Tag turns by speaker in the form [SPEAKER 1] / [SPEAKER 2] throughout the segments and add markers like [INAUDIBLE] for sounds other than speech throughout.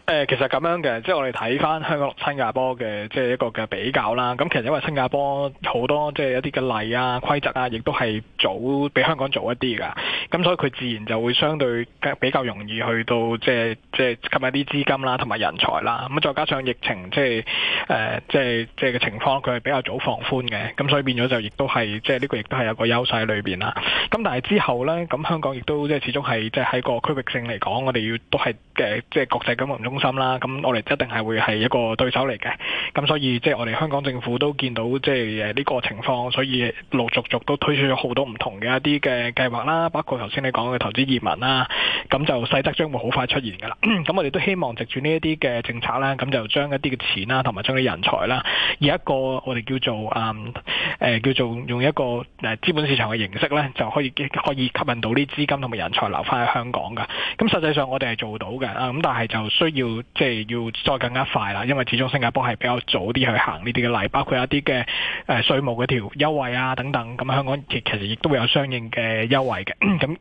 [SPEAKER 1] 誒、呃，其實咁樣嘅，即係我哋睇翻香港、新加坡嘅，即係一個嘅比較啦。咁其實因為新加坡好多即係一啲嘅例啊、規則啊，亦都係早比香港早一啲噶。咁所以佢自然就會相對比較容易去到，即係即係吸引啲資金啦，同埋人才啦。咁再加上疫情，即係誒、呃，即係即係嘅情況，佢係比較早放寬嘅。咁所以變咗就亦都係，即係呢個亦都係有個優勢裏邊啦。咁但係之後咧，咁香港亦都即係始終係即係喺個區域性嚟講，我哋要都係誒，即係國際金融中心啦，咁我哋一定係會係一個對手嚟嘅，咁所以即係我哋香港政府都見到即係誒呢個情況，所以陸陸續續都推出咗好多唔同嘅一啲嘅計劃啦，包括頭先你講嘅投資移民啦，咁就細則將會好快出現噶啦，咁 [COUGHS] 我哋都希望藉住呢一啲嘅政策啦，咁就將一啲嘅錢啦，同埋將啲人才啦，以一個我哋叫做誒、嗯、叫做用一個誒資本市場嘅形式咧，就可以可以吸引到啲資金同埋人才留翻喺香港噶，咁實際上我哋係做到嘅啊，咁但係就需要。要即係要再更加快啦，因為始終新加坡係比較早啲去行呢啲嘅例，包括一啲嘅誒稅務嗰條優惠啊等等，咁香港其實亦都會有相應嘅優惠嘅，咁。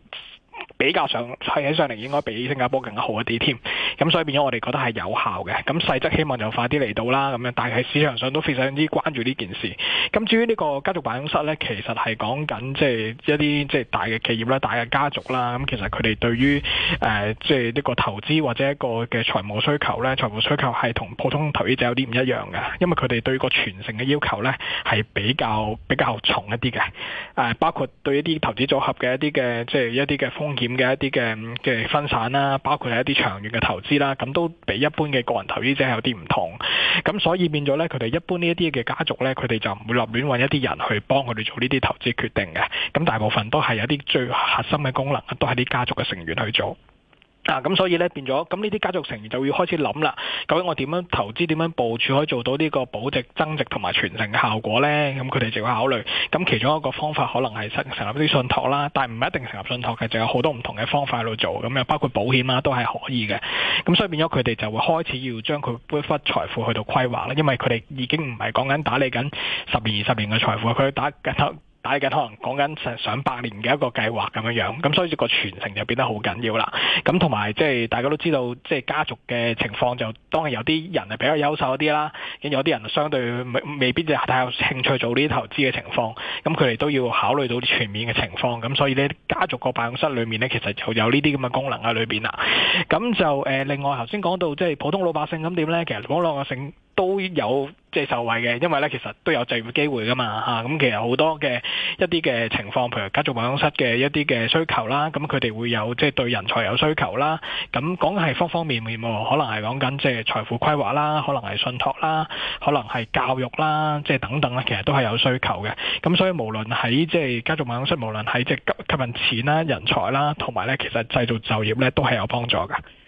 [SPEAKER 1] 比較上睇起上嚟，應該比新加坡更加好一啲添。咁所以變咗我哋覺得係有效嘅。咁細則希望就快啲嚟到啦。咁樣，但係喺市場上都非常之關注呢件事。咁至於呢個家族辦公室咧，其實係講緊即係一啲即係大嘅企業啦、大嘅家族啦。咁其實佢哋對於誒即係呢個投資或者一個嘅財務需求咧，財務需求係同普通投資者有啲唔一樣嘅。因為佢哋對個傳承嘅要求咧，係比較比較重一啲嘅。誒、呃，包括對一啲投資組合嘅一啲嘅即係一啲嘅風險。嘅一啲嘅嘅分散啦，包括係一啲長遠嘅投資啦，咁都比一般嘅個人投資者有啲唔同，咁所以變咗咧，佢哋一般呢一啲嘅家族咧，佢哋就唔會立亂揾一啲人去幫佢哋做呢啲投資決定嘅，咁大部分都係有啲最核心嘅功能，都係啲家族嘅成員去做。啊！咁所以咧，變咗咁呢啲家族成員就要開始諗啦。究竟我點樣投資、點樣部署可以做到呢個保值、增值同埋傳承嘅效果咧？咁佢哋就會考慮。咁其中一個方法可能係成立啲信託啦，但係唔係一定成立信託嘅，就有好多唔同嘅方法喺度做。咁又包括保險啦、啊，都係可以嘅。咁所以變咗佢哋就會開始要將佢撥忽財富去到規劃啦。因為佢哋已經唔係講緊打理緊十年、二十年嘅財富，佢打緊，嘅可能講緊上上百年嘅一個計劃咁樣樣，咁所以個傳承就變得好緊要啦。咁同埋即係大家都知道，即係家族嘅情況就當然有啲人係比較優秀一啲啦，咁有啲人相對未未必就太有興趣做呢啲投資嘅情況，咁佢哋都要考慮到啲全面嘅情況。咁所以呢，家族個辦公室裏面呢，其實就有呢啲咁嘅功能喺裏面啦。咁就、呃、另外頭先講到即係普通老百姓咁點呢？其實普通老百姓都有即係受惠嘅，因為呢其實都有致富機會噶嘛嚇。咁、啊、其實好多嘅。一啲嘅情況，譬如家族辦公室嘅一啲嘅需求啦，咁佢哋會有即係、就是、對人才有需求啦。咁講係方方面面，可能係講緊即係財富規劃啦，可能係信託啦，可能係教育啦，即係等等啦，其實都係有需求嘅。咁所以無論喺即係家族辦公室，無論喺即係吸吸引錢啦、人才啦，同埋咧，其實製造就業咧都係有幫助㗎。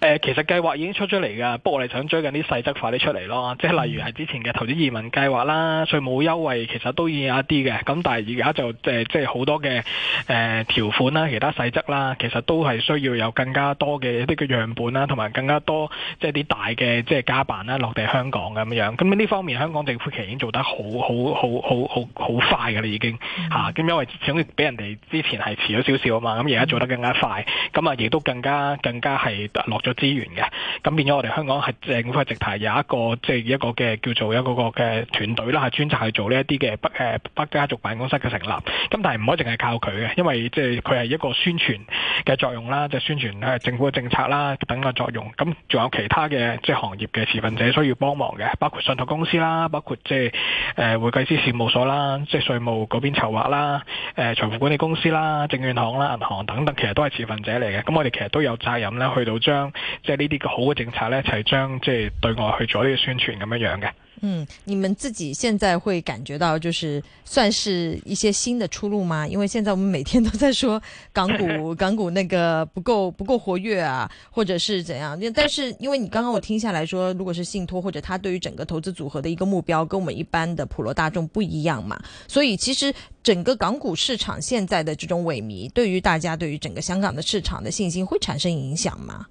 [SPEAKER 1] 其實計劃已經出咗嚟㗎，不過我哋想追緊啲細則快啲出嚟咯。即係例如係之前嘅投資移民計劃啦，所以冇優惠其實都有一啲嘅。咁但係而家就即係好多嘅誒條款啦，其他細則啦，其實都係需要有更加多嘅一啲嘅樣本啦，同埋更加多即係啲大嘅即係家辦啦落地香港嘅咁樣。咁呢方面香港政府其實已經做得好好好好好好快㗎啦，已經。咁因為始終俾人哋之前係遲咗少少啊嘛，咁而家做得更加快，咁啊亦都更加更加係落咗資源嘅，咁變咗我哋香港係政府直頭有一個即係、就是、一個嘅叫做一個個嘅團隊啦，係專責去做呢一啲嘅北北家族辦公室嘅成立。咁但係唔可以淨係靠佢嘅，因為即係佢係一個宣傳嘅作用啦，即、就、係、是、宣傳政府嘅政策啦等嘅作用。咁仲有其他嘅即係行業嘅持份者需要幫忙嘅，包括信託公司啦，包括即、就、係、是呃、會計師事務所啦，即係稅務嗰邊籌劃啦、呃，財富管理公司啦、證券行啦、銀行等等，其實都係持份者嚟嘅。咁我哋其實都有責任咧，去到將即係呢啲個好嘅政策呢，就係將即係對外去做呢個宣傳咁樣樣嘅。嗯，
[SPEAKER 2] 你們自己現在會感覺到，就是算是一些新的出路嗎？因為現在我們每天都在說港股， [LAUGHS] 港股那個不夠不夠活躍啊，或者是怎樣。但係，因為你剛剛我聽下來說，如果是信託或者他對於整個投資組合的一個目標，跟我們一般的普羅大眾不一樣嘛，所以其實整個港股市場現在的這種萎靡，對於大家對於整個香港的市場的信心會產生影響嗎？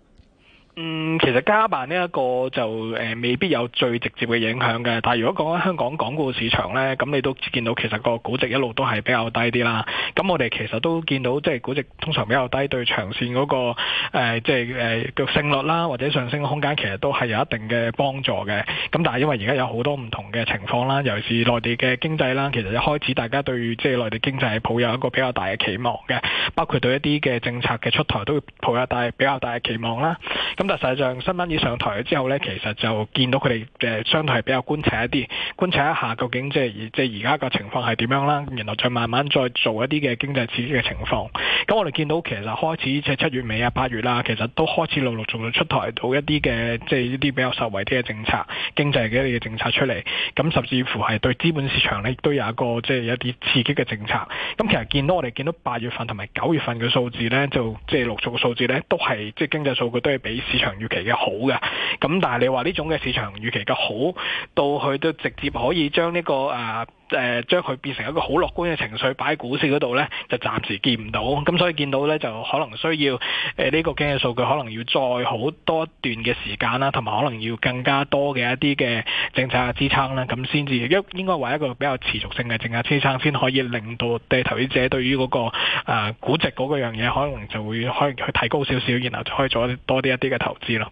[SPEAKER 1] 嗯，其實加辦呢一個就、呃、未必有最直接嘅影響嘅，但係如果講香港港股市場呢，咁你都見到其實個估值一路都係比較低啲啦。咁我哋其實都見到即係估值通常比較低，對長線嗰、那個、呃、即係誒個勝率啦，或者上升嘅空間其實都係有一定嘅幫助嘅。咁但係因為而家有好多唔同嘅情況啦，尤其是內地嘅經濟啦，其實一開始大家對即係內地經濟係抱有一個比較大嘅期望嘅，包括對一啲嘅政策嘅出台都會抱有大比較大嘅期望啦。咁但係上，新班子上台之後咧，其實就見到佢哋誒相對係比較觀察一啲，觀察一下究竟即係即係而家個情況係點樣啦。然後再慢慢再做一啲嘅經濟刺激嘅情況。咁我哋見到其實開始即係七月尾啊、八月啦，其實都開始陸陸續續出台到一啲嘅即係一啲比較受惠啲嘅政策、經濟嘅一啲政策出嚟。咁甚至乎係對資本市場咧，亦都有一個即係、就是、一啲刺激嘅政策。咁其實見到我哋見到八月份同埋九月份嘅數字咧，就即係陸續嘅數字咧，都係即係經濟數據都係比場預期嘅好嘅，咁但係你話呢種嘅市場預期嘅好，好，到去都直接可以將呢個誒。啊誒將佢變成一個好樂觀嘅情緒擺喺股市嗰度咧，就暫時見唔到。咁所以見到咧，就可能需要誒呢個經濟數據可能要再好多一段嘅時間啦，同埋可能要更加多嘅一啲嘅政策嘅支撐啦，咁先至一應該為一個比較持續性嘅政策支撐，先可以令到啲投資者對於嗰個誒估值嗰個樣嘢，可能就會可以去提高少少，然後就可以做多啲一啲嘅投資咯。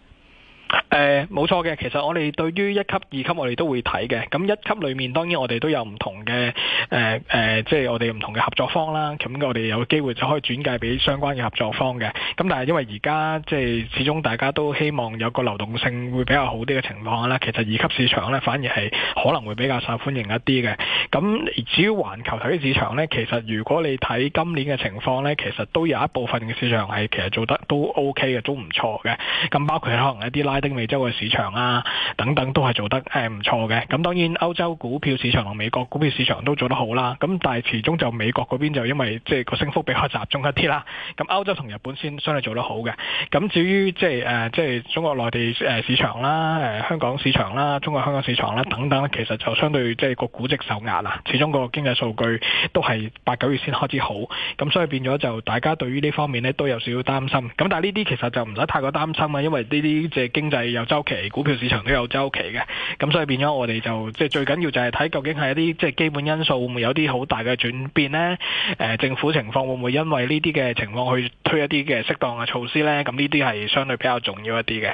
[SPEAKER 1] 誒冇錯嘅，其實我哋對於一級、二級我哋都會睇嘅。咁一級裏面當然我哋都有唔同嘅誒、呃呃、即係我哋唔同嘅合作方啦。咁我哋有機會就可以轉介俾相關嘅合作方嘅。咁但係因為而家即係始終大家都希望有個流動性會比較好啲嘅情況啦，其實二級市場咧反而係可能會比較受歡迎一啲嘅。咁至於環球睇市場咧，其實如果你睇今年嘅情況咧，其實都有一部分嘅市場係其實做得都 OK 嘅，都唔錯嘅。咁包括可能一啲拉丁美洲嘅市場啊，等等都係做得誒唔錯嘅。咁當然歐洲股票市場同美國股票市場都做得好啦。咁但係始終就美國嗰邊就因為即係個升幅比較集中一啲啦。咁歐洲同日本先相對做得好嘅。咁至於即係誒即係中國內地誒市場啦，誒香港市場啦，中國香港市場啦等等啦，其實就相對即係個估值受壓啦。始終個經濟數據都係八九月先開始好。咁所以變咗就大家對於呢方面咧都有少少擔心。咁但係呢啲其實就唔使太過擔心啦，因為呢啲即係經濟。有周期，股票市場都有周期嘅，咁所以變咗我哋就即係最緊要就係睇究竟係一啲即係基本因素會唔會有啲好大嘅轉變咧？誒，呃，政府情況會唔會因為呢啲嘅情況去推一啲嘅適當嘅措施咧？咁呢啲係相對比較重要一啲嘅。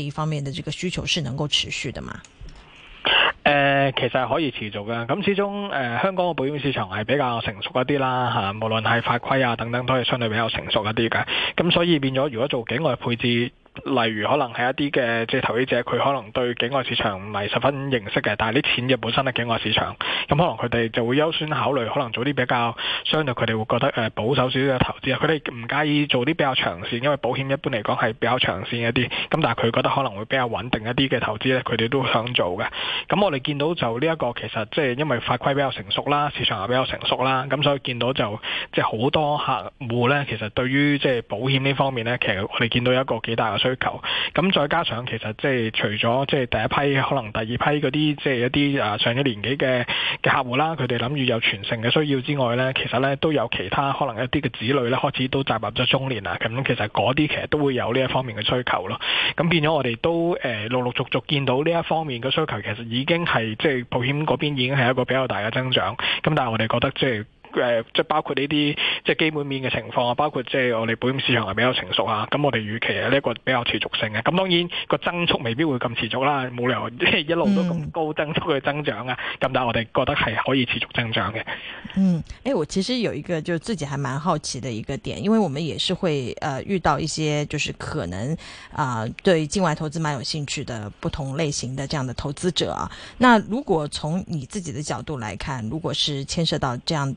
[SPEAKER 2] 呢一方面嘅
[SPEAKER 1] 需求是能夠持續的嘛？誒、呃，其實係可以持續嘅。咁始終誒、呃，香港嘅保險市場係比較成熟一啲啦，吓、啊，無論係法規啊等等，都係相對比較成熟一啲嘅。咁所以變咗，如果做境外配置。例如可能係一啲嘅即係投資者，佢可能對境外市場唔係十分認識嘅，但係啲錢嘅本身係境外市場，咁可能佢哋就會優先考慮可能做啲比較相對佢哋會覺得誒、呃、保守少少嘅投資啊。佢哋唔介意做啲比較長線，因為保險一般嚟講係比較長線一啲。咁但係佢覺得可能會比較穩定一啲嘅投資咧，佢哋都想做嘅。咁我哋見到就呢、這、一個其實即係因為法規比較成熟啦，市場又比較成熟啦，咁所以見到就即係好多客戶咧，其實對於即係保險呢方面咧，其實我哋見到一個幾大嘅需求。咁再加上，其實即係除咗即係第一批，可能第二批嗰啲即係一啲上咗年紀嘅嘅客戶啦，佢哋諗住有傳承嘅需要之外咧，其實咧都有其他可能一啲嘅子女咧開始都踏入咗中年啦，咁其實嗰啲其實都會有呢一方面嘅需求咯。咁變咗我哋都誒陸陸續續見到呢一方面嘅需求，其實已經係即係保險嗰邊已經係一個比較大嘅增長。咁但係我哋覺得即係。誒，即係包括呢啲即係基本面嘅情況，啊，包括即係我哋保險市場係比較成熟啊，咁我哋預期係呢一個比較持續性嘅。咁當然個增速未必會咁持續啦，冇理由即係一路都咁高增速嘅增長啊。咁、嗯、但係我哋覺得係可以持續增長嘅。嗯，
[SPEAKER 2] 誒、欸，我其實有一個就自己還蠻好奇的一個點，因為我們也是會誒、呃、遇到一些就是可能啊、呃、對境外投資蠻有興趣的不同類型的這樣的投資者。那如果從你自己的角度來看，如果是牽涉到這樣。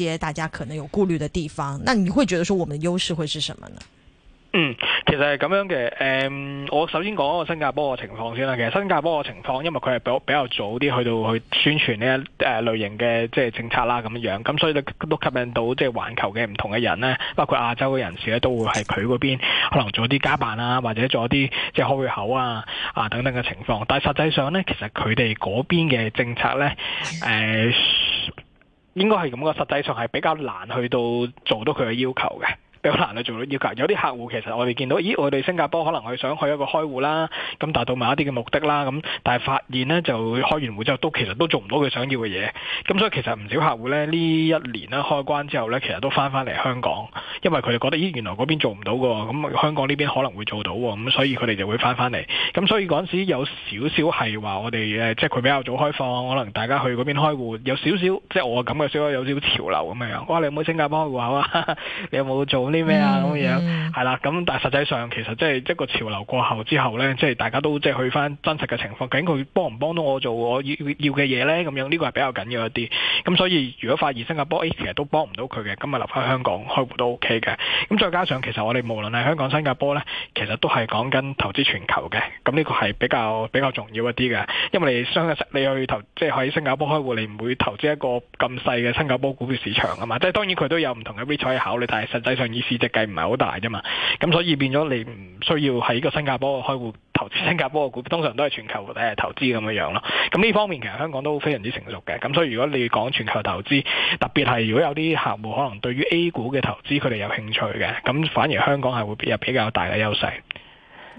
[SPEAKER 2] 啲大家可能有顧慮的地方，那你會覺得說我們的優勢會是什麼呢？
[SPEAKER 1] 嗯，其實係咁樣嘅，誒、呃，我首先講個新加坡嘅情況先啦。其實新加坡嘅情況，因為佢係比比較早啲去到去宣傳呢一誒、呃、類型嘅即係政策啦，咁樣樣，咁所以都吸引到即係環球嘅唔同嘅人呢，包括亞洲嘅人士咧，都會喺佢嗰邊可能做啲家辦啊，或者做一啲即係開會口啊，啊等等嘅情況。但係實際上呢，其實佢哋嗰邊嘅政策呢。誒、呃。 [LAUGHS] 應該係咁嘅，實際上係比較難去到做到佢嘅要求嘅。比較難做到要求，有啲客戶其實我哋見到，咦，我哋新加坡可能佢想去一個開戶啦，咁達到某一啲嘅目的啦，咁但係發現呢，就開完戶之後都其實都做唔到佢想要嘅嘢，咁所以其實唔少客戶呢，呢一年啦開關之後呢，其實都翻翻嚟香港，因為佢哋覺得咦原來嗰邊做唔到嘅喎，咁香港呢邊可能會做到喎，咁所以佢哋就會翻翻嚟，咁所以嗰陣時有少少係話我哋即係佢比較早開放，可能大家去嗰邊開戶有少少，即係我感覺少有少潮流咁樣。哇！你有冇新加坡開戶口啊？ [LAUGHS] 你有冇做？啲咩啊咁嘅樣，係啦，咁但係實際上其實即係一個潮流過後之後呢，即係大家都即係去翻真實嘅情況，究竟佢幫唔幫到我做我要嘅嘢呢？咁樣呢個係比較緊要一啲。咁所以如果發現新加坡其實都幫唔到佢嘅，咁咪留翻香港開戶都 OK 嘅。咁再加上其實我哋無論係香港、新加坡呢，其實都係講緊投資全球嘅。咁呢個係比較比較重要一啲嘅，因為你相你去投即係喺新加坡開戶，你唔會投資一個咁細嘅新加坡股票市場啊嘛。即係當然佢都有唔同嘅 risk 可以考慮，但係實際上市值計唔係好大啫嘛，咁所以變咗你唔需要喺個新加坡開戶投資新加坡嘅股，通常都係全球嘅投資咁樣樣咯。咁呢方面其實香港都非常之成熟嘅。咁所以如果你講全球投資，特別係如果有啲客戶可能對於 A 股嘅投資佢哋有興趣嘅，咁反而香港係會有比較大嘅優勢。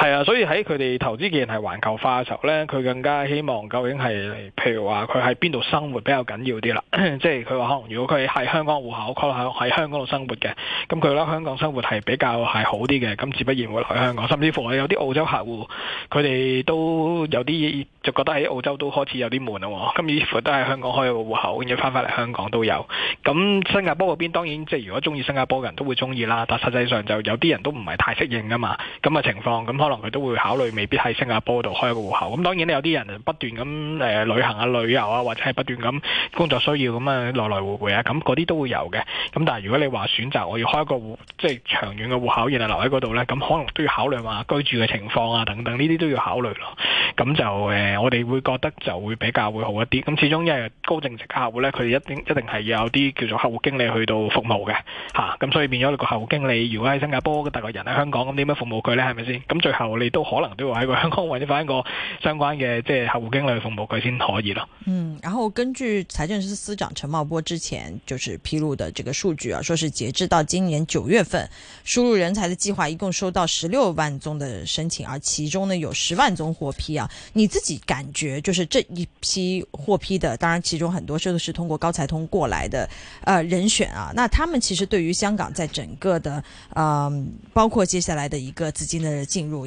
[SPEAKER 1] 係啊，所以喺佢哋投資既然係環球化嘅時候咧，佢更加希望究竟係譬如話佢喺邊度生活比較緊要啲啦。即係佢話可能如果佢係香港戶口，可能喺香港度生活嘅，咁佢咧香港生活係比較係好啲嘅。咁自不然會喺香港，甚至乎有啲澳洲客戶，佢哋都有啲就覺得喺澳洲都開始有啲悶啦。咁似乎都係香港開個戶口，跟住翻返嚟香港都有。咁新加坡嗰邊當然即係如果中意新加坡嘅人都會中意啦，但實際上就有啲人都唔係太適應㗎嘛。咁嘅情況咁可能佢都會考慮，未必喺新加坡度開一個戶口。咁當然有啲人不斷咁誒、呃、旅行啊、旅遊啊，或者係不斷咁工作需要咁啊來來回回啊，咁嗰啲都會有嘅。咁但係如果你話選擇我要開一個戶，即係長遠嘅戶口，然嚟留喺嗰度呢，咁可能都要考慮話居住嘅情況啊等等呢啲都要考慮咯。咁就誒、呃，我哋會覺得就會比較會好一啲。咁始終因為高淨值客戶呢，佢哋一定一定係要有啲叫做客戶經理去到服務嘅，吓。咁、啊、所以變咗個客戶經理如果喺新加坡嘅，但係個人喺香港，咁點樣服務佢呢？係咪先？咁最。後你都可能都要喺個香港揾返一個相關嘅即係客戶經理去服務佢先可以咯。嗯，
[SPEAKER 2] 然後根據財政司司長陳茂波之前就是披露的這個數據啊，說是截至到今年九月份，輸入人才的計劃一共收到十六萬宗的申請，而其中呢有十萬宗獲批啊。你自己感覺就是這一批獲批的，當然其中很多都是通過高才通過來的，呃，人選啊，那他們其實對於香港在整個的，呃，包括接下來的一個資金的進入。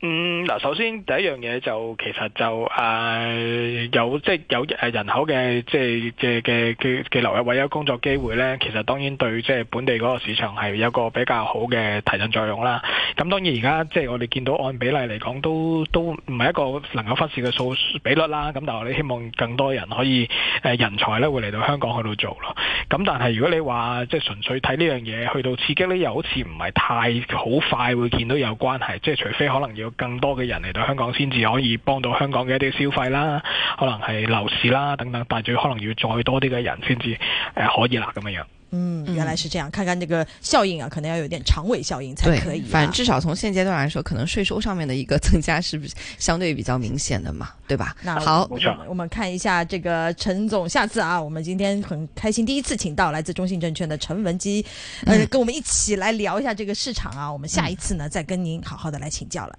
[SPEAKER 1] 嗯，嗱，首先第一樣嘢就其實就誒、啊、有即係有誒人口嘅即係嘅嘅嘅嘅流入，為有工作機會咧，其實當然對即係本地嗰個市場係有個比較好嘅提振作用啦。咁當然而家即係我哋見到按比例嚟講都都唔係一個能夠忽視嘅數比率啦。咁但係我哋希望更多人可以誒人才咧會嚟到香港嗰度做咯。咁但係如果你話即係純粹睇呢樣嘢去到刺激咧，又好似唔係太好快會見到有關係，即係除非可能要。更多嘅人嚟到香港，先至可以幫到香港嘅一啲消費啦，可能係樓市啦等等，但係最可能要再多啲嘅人先至誒可以啦咁樣樣。
[SPEAKER 2] 嗯，原來是這樣，看看呢個效應啊，可能要有點長尾效應才可以啊。反正至少從
[SPEAKER 3] 現階段來說，可能稅收上面的一個增加，是不是相對比較明顯的嘛？對吧？那好，我們
[SPEAKER 2] 我們看一下這個陳總，下次啊，我們今天很開心，第一次請到來自中信證券嘅陳文基，誒、呃，嗯、跟我們一起來聊一下這個市場啊。我們下一次呢，嗯、再跟您好好的來請教了。